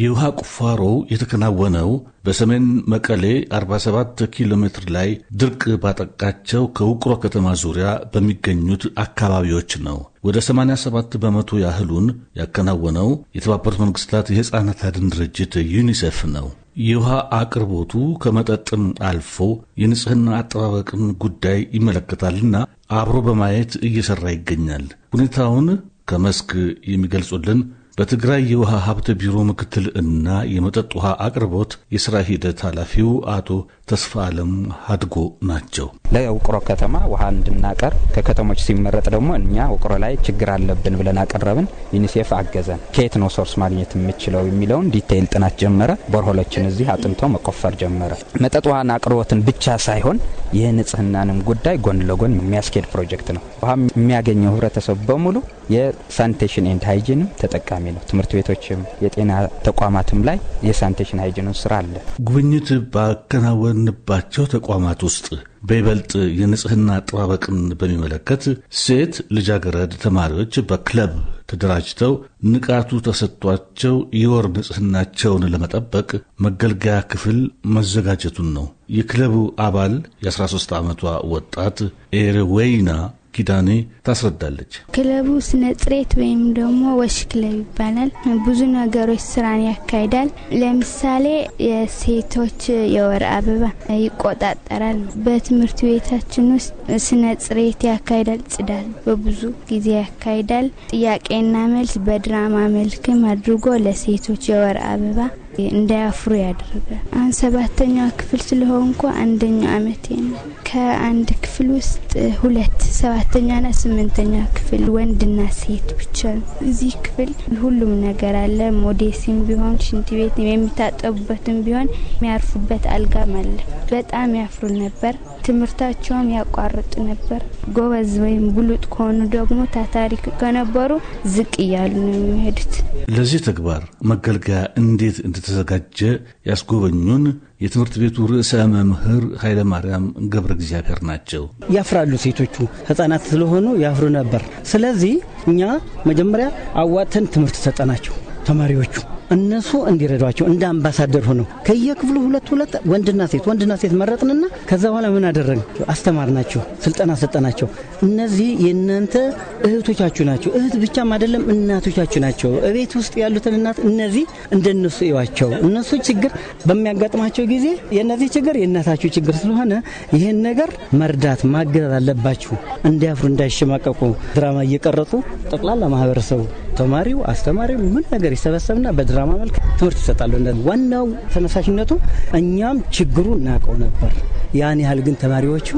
የውሃ ቁፋሮ የተከናወነው በሰሜን መቀሌ 47 ኪሎ ሜትር ላይ ድርቅ ባጠቃቸው ከውቅሮ ከተማ ዙሪያ በሚገኙት አካባቢዎች ነው። ወደ 87 በመቶ ያህሉን ያከናወነው የተባበሩት መንግስታት የሕፃናት አድን ድርጅት ዩኒሴፍ ነው። የውሃ አቅርቦቱ ከመጠጥም አልፎ የንጽህና አጠባበቅን ጉዳይ ይመለከታልና አብሮ በማየት እየሰራ ይገኛል። ሁኔታውን ከመስክ የሚገልጹልን በትግራይ የውሃ ሀብት ቢሮ ምክትል እና የመጠጥ ውሃ አቅርቦት የሥራ ሂደት ኃላፊው አቶ ተስፋ አለም አድጎ ናቸው። ለውቅሮ ከተማ ውሃ እንድናቀርብ ከከተሞች ሲመረጥ ደግሞ እኛ ውቅሮ ላይ ችግር አለብን ብለን አቀረብን። ዩኒሴፍ አገዘን። ከየት ነው ሶርስ ማግኘት የምችለው የሚለውን ዲቴይል ጥናት ጀመረ። ቦርሆሎችን እዚህ አጥንቶ መቆፈር ጀመረ። መጠጥ ውሃን አቅርቦትን ብቻ ሳይሆን የንጽህናንም ጉዳይ ጎን ለጎን የሚያስኬድ ፕሮጀክት ነው። ውሃ የሚያገኘው ህብረተሰብ በሙሉ የሳኒቴሽን ኤንድ ሃይጂንም ተጠቃሚ ነው። ትምህርት ቤቶችም የጤና ተቋማትም ላይ የሳኒቴሽን ሃይጂኑን ስራ አለ ጉብኝት ባከናወን ከኖርንባቸው ተቋማት ውስጥ በይበልጥ የንጽህና አጠባበቅን በሚመለከት ሴት ልጃገረድ ተማሪዎች በክለብ ተደራጅተው ንቃቱ ተሰጥቷቸው የወር ንጽህናቸውን ለመጠበቅ መገልገያ ክፍል መዘጋጀቱን ነው። የክለቡ አባል የ13 ዓመቷ ወጣት ኤርዌይና ኪዳኔ ታስረዳለች። ክለቡ ስነ ጥሬት ወይም ደግሞ ወሽ ክለብ ይባላል። ብዙ ነገሮች ስራን ያካሂዳል። ለምሳሌ የሴቶች የወር አበባ ይቆጣጠራል። በትምህርት ቤታችን ውስጥ ስነ ጥሬት ያካሂዳል። ጽዳል በብዙ ጊዜ ያካሂዳል። ጥያቄና መልስ በድራማ መልክም አድርጎ ለሴቶች የወር አበባ እንዳያፍሩ ያደረገ። አሁን ሰባተኛዋ ክፍል ስለሆንኩ አንደኛው አመቴ ነው። ከአንድ ክፍል ውስጥ ሁለት ሰባተኛና ስምንተኛ ክፍል ወንድና ሴት ብቻ ነው። እዚህ ክፍል ሁሉም ነገር አለ። ሞዴሲም ቢሆን ሽንት ቤት የሚታጠቡበትም ቢሆን የሚያርፉበት አልጋም አለ። በጣም ያፍሩ ነበር። ትምህርታቸውም ያቋርጡ ነበር። ጎበዝ ወይም ብሉጥ ከሆኑ ደግሞ ታታሪ ከነበሩ ዝቅ እያሉ ነው የሚሄዱት። ለዚህ ተግባር መገልገያ እንዴት እንደተዘጋጀ ያስጎበኙን የትምህርት ቤቱ ርዕሰ መምህር ኃይለ ማርያም ገብረ እግዚአብሔር ናቸው። ያፍራሉ፣ ሴቶቹ ህጻናት ስለሆኑ ያፍሩ ነበር። ስለዚህ እኛ መጀመሪያ አዋተን ትምህርት ሰጠናቸው ተማሪዎቹ እነሱ እንዲረዷቸው እንደ አምባሳደር ሆነው ከየክፍሉ ሁለት ሁለት ወንድና ሴት ወንድና ሴት መረጥንና ከዛ በኋላ ምን አስተማር አስተማርናቸው፣ ስልጠና ሰጠናቸው። እነዚህ የእናንተ እህቶቻችሁ ናቸው። እህት ብቻም አይደለም እናቶቻችሁ ናቸው። እቤት ውስጥ ያሉትን እናት እነዚህ እንደነሱ እዩዋቸው። እነሱ ችግር በሚያጋጥማቸው ጊዜ የእነዚህ ችግር የእናታችሁ ችግር ስለሆነ ይህን ነገር መርዳት ማገዝ አለባችሁ። እንዲያፍሩ እንዳይሸማቀቁ ድራማ እየቀረጹ ጠቅላላ ማህበረሰቡ ተማሪው አስተማሪው ምን ነገር ይሰበሰብና በድራማ መልክ ትምህርት ይሰጣሉ። ዋናው ተነሳሽነቱ እኛም ችግሩ እናውቀው ነበር። ያን ያህል ግን ተማሪዎቹ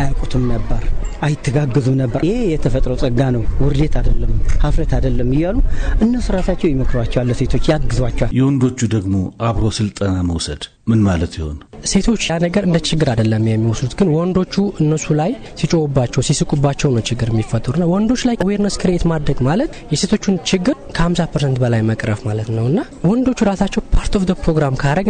አያውቁትም ነበር፣ አይተጋገዙም ነበር። ይሄ የተፈጥሮ ጸጋ ነው፣ ውርዴት አይደለም፣ ሀፍረት አይደለም እያሉ እነሱ ራሳቸው ይመክሯቸዋል፣ ሴቶች ያግዟቸዋል። የወንዶቹ ደግሞ አብሮ ስልጠና መውሰድ ምን ማለት ይሆን? ሴቶች ያ ነገር እንደ ችግር አይደለም የሚወስዱት፣ ግን ወንዶቹ እነሱ ላይ ሲጮባቸው ሲስቁባቸው ነው ችግር የሚፈጠሩና ወንዶች ላይ አዌርነስ ክሬት ማድረግ ማለት የሴቶቹን ችግር ከ50 ፐርሰንት በላይ መቅረፍ ማለት ነው እና ወንዶቹ ራሳቸው ፓርት ኦፍ ደ ፕሮግራም ካረግ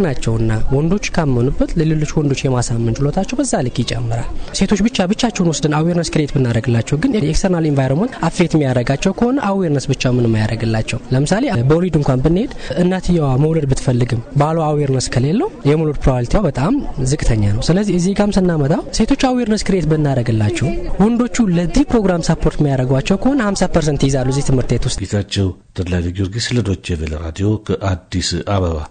ና ወንዶች ካመኑበት ለሌሎች ወንዶች የማሳመን ችሎታቸው በዛ ልክ ይጨምራል። ሴቶች ብቻ ብቻቸውን ወስደን አዌርነስ ክሬት ብናደረግላቸው ግን የኤክስተርናል ኢንቫይሮንመንት አፌት የሚያደርጋቸው ከሆነ አዌርነስ ብቻ ምንም አያደረግላቸው። ለምሳሌ በወሊድ እንኳን ብንሄድ እናትየዋ መውለድ ብትፈልግም ባሏ አዌርነስ ከሌለው የመውለድ ፕሮባቢሊቲዋ በጣም ዝቅተኛ ነው። ስለዚህ እዚህ ጋም ስናመጣው ሴቶች አዌርነስ ክሬት ብናደረግላቸው ወንዶቹ ለዚህ ፕሮግራም ሰፖርት የሚያደረጓቸው ከሆነ 50 ፐርሰንት ይይዛሉ እዚህ ትምህርት ቤት ውስጥ። ጌታቸው ተድላ ጊዮርጊስ ለዶቼ ቬለ ራዲዮ ከአዲስ አበባ